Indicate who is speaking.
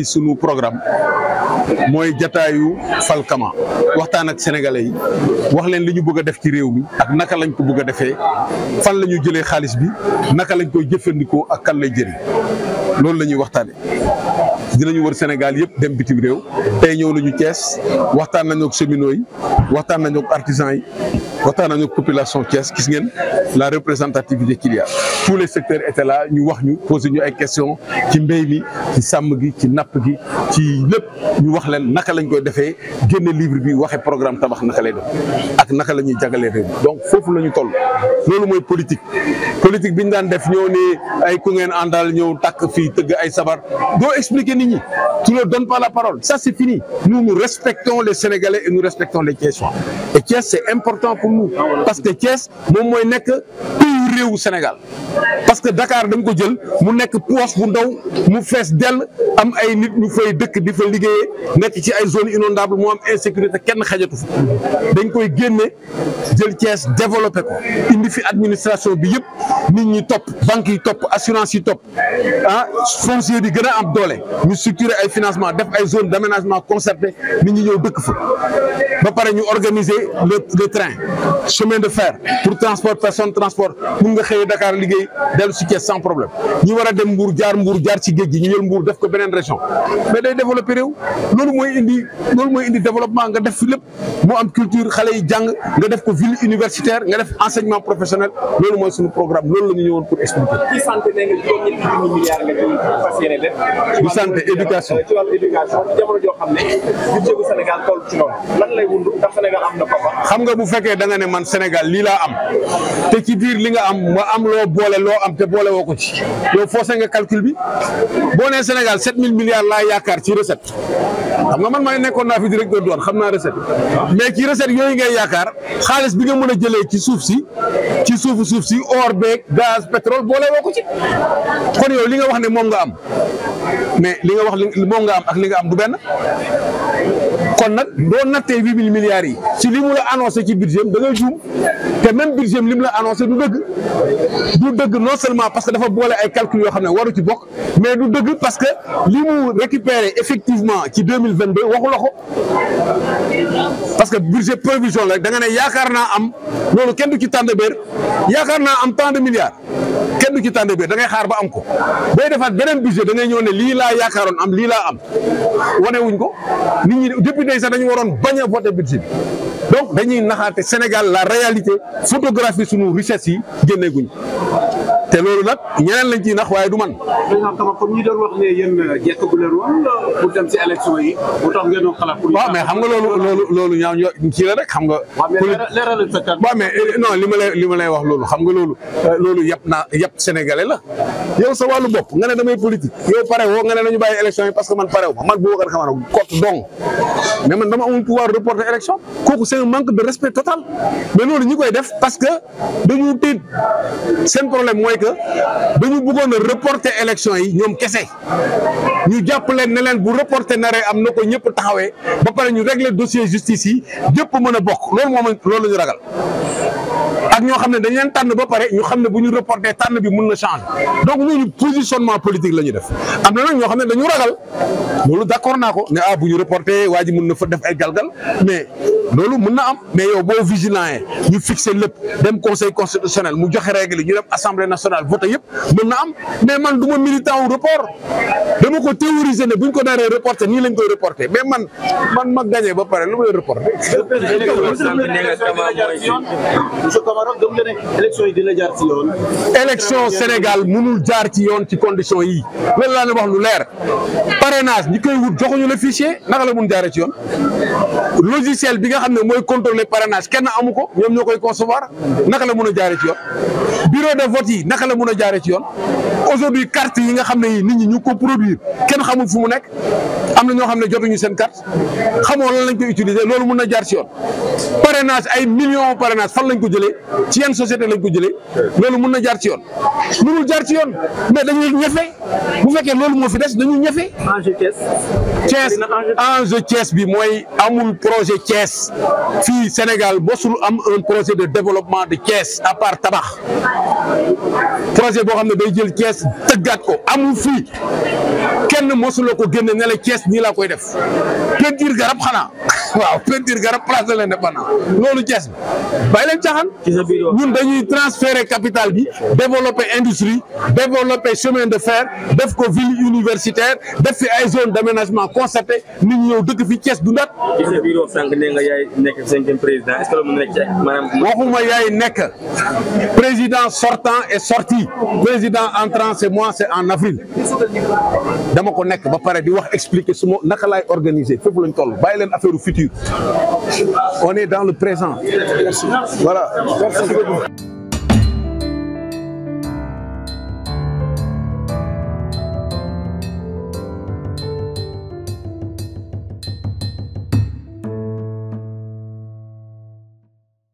Speaker 1: ci sunu programme mooy jataayu Falkama waxtaan ak sénégalais yi wax leen li ñu bëgg a def ci réew mi ak naka lañ ko bëgg a defee fan la ñu jëlee xaalis bi naka lañ koy jëfandikoo ak kan lay jëriñ loolu la ñuy waxtaane dinañu wër Sénégal yëpp dem bitim réew tey ñëw nañu Thiès waxtaan nañu ak cheminots yi waxtaan nañu ak yi waxtaan nañu ak population Thiès gis ngeen la représentativité qu'il y a tous les secteurs étaient là ñu wax ñu posé ñu ay questions ci mbéy mi sàmm gi ci napp gi ci lépp ñu wax leen naka lañ koy defee génne livre bi waxe programme tabax naka lay ak naka la ñuy jagalee réew donc foofu la ñu toll loolu mooy politique politique bi ñu daan def ñoo ne ay ku ngeen àndal ñëw takk fii tëgg ay sabar doo expliquer nit Nagni, tu ne pas la parole. Ça, c'est fini. Nous, nous respectons les Sénégalais et nous respectons les Thiessois. Et Thiès, c'est important pour nous. Parce que Thiès, moom mooy nekk pays réewu Sénégal. Parce que Dakar da nga ko jël mu nekk poche bu ndaw mu fees dell am ay nit ñu fay dëkk di fa liggéeyee nekk ci ay zone inondable moo am insécurité kenn xajatu fa dañ koy génne jël Thiès développé ko indi fi administration bi yëpp nit ñi topp banque yi topp assurance yi topp ah foncier bi gën a am doole ñu structurer ay financement def ay zone d' aménagement concerté nit ñi ñëw dëkk fa ba pare ñu organiser le le train chemin de fer pour transport personne transport mun nga xëyee Dakar liggéey dellu si Thiès sans problème ñi génération mais day développé réew loolu mooy indi développement nga def fi lépp moo am culture xale yi jàng nga def ko ville universitaire nga def enseignement professionnel loolu mooy suñu programme loolu la ñu ñëwoon pour expliquer. ci santé nee nga juróom-ñetti junni milliards nga jël fas yéene def. ci santé xam nga bu fekkee da ne man Sénégal lii laa am te ci biir li nga am ma am loo boole loo am te boole woo ko ci yow foosee nga calcul bi boo nee Sénégal 7000 milliards laa yaakaar ci reset am nga man maa nekkoon naa fi directeur douane xam naa recette mais ci reset yooyu ngay yaakaar xaalis bi nga mën a jëlee ci suuf si ci suufu suuf si or beeg gaz pétrole boole woo ko ci kon yow li nga wax ne moom nga am mais li nga wax li moom nga am ak li nga am du benn kon nag doo nattee huit mille milliards yi ci li mu la annoncé ci budget da ngay juum te même budget li mu la annoncé du dëgg du dëgg non seulement parce que dafa boole ay calcul yoo xam ne waru ci bokk mais du dëgg parce que li mu récupéré effectivement ci deux mille vingt deux waxu la ko parce que budget prévision la danga ne yaakaar naa am loolu kenn du ci tànn béer yaakaar naa am tant de milliards. kenn du ci tànn biir da ngay xaar ba am ko bay defaat beneen budget da ngay ñëw ne lii laa yaakaaroon am lii laa am wane wuñ ko nit ñi député ne sax dañu waroon bañ a voté budget bi donc dañuy naxaate Sénégal la réalité photographie sunu richesse yi génneeguñ te loolu nag ñeneen lañ ciy nax waaye du man. président Kama comme ñi doon wax ne yéen euh, euh, mais xam nga loolu loolu loolu ñaaw ñoo rek xam nga. waaw mais leeralal sa euh, li ma lay li ma lay wax loolu xam nga loolu loolu yàpp naa yàpp sénégalais la yow sa wàllu bopp nga ne damay politique yow pare woo nga ne nañu bàyyi élection yi parce que man pare wu ma man boo ko xamal ne kott dong mais man dama amul pouvoir reporter élection kooku c'est un manque de respect total mais loolu ñi koy def parce que dañu tiit seen problème mooy que dañu buggoon a reporter élection yi ñoom kese ñu jàpp leen ne leen bu reporter naree am na ko ñëpp taxawee ba pare ñu régler dossier justice yi ñëpp mën a bokk loolu moom loolu la ñu ragal. ak ñoo xam ne dañ leen tànn ba pare ñu xam ne bu ñu reporté tànn bi mun na changer donc ñooñu positionnement politique la def am na nag ñoo xam ne dañu ragal loolu d' naa ko ne ah bu ñu reporté waa ji mun na fa def ay galgal mais loolu mun na am mais yow boo vigilant ñu fixé lépp dem conseil constitutionnel mu joxe règle ñu dem assemblée nationale voté yëpp mun na am mais man du ma militant wu report dama ko théoriser ne bu ñu ko daree reporté nii lañ koy reporté mais man man ma gagné ba pare lu may ndax gëm nga ne élection yi dina jaar ci yoon. Sénégal mënul jaar ci yoon ci condition yi loolu laa ne wax lu leer parrainage ñi koy wut joxuñu le fichier naka la mun jaare ci yoon logiciel bi nga xam ne mooy contrôler parrainage kenn amu ko ñoom ñoo koy concevoir naka la mun a jaaree ci yoon bureau de vote yi naka la mun a jaaree ci yoon aujourd'hui carte yi nga xam ne yi nit ñi ñu ko produire kenn xamul fu mu nekk am na ñoo xam ne jotuñu seen carte xamoo lan lañ ko utiliser loolu mun na jaar ci yoon parrainage ay millions ci yan société lañ ko jëlee loolu mun na jaar ci yoon mënul jaar ci yoon mais dañuy ñefe bu fekkee loolu moo fi des dañuy ñefe Thiès enjeu Thiès bi mooy amul projet Thiès fii Sénégal bosul am un projet de développement de Thiès à part tabax projet boo xam ne day jël Thiès tëggaat ko amul fii kenn mosuloo ko génne ne la Thiès nii laa koy def peinture garab xanaa waaw peinture garab place de l'indépendance loolu jees bi bàyyi leen caxan ñun dañuy transférer capital bi développer industrie développer chemin de fer def ko ville universitaire def fi ay zone d'aménagement concerté nit ñi ñëw dëkk fi cees dundat ci sa bureau sànq nekk cinquième président est-ce que loolu mën na nekk maanaam waxuma yaay nekk président sortant est sorti président entrant c'est moi c'est en avril dama ko nekk ba pare di wax expliquer suma naka laay organiser fépp lañ toll bàyyi leen affaire futur futur. On est dans le présent. Merci. Voilà. Merci beaucoup.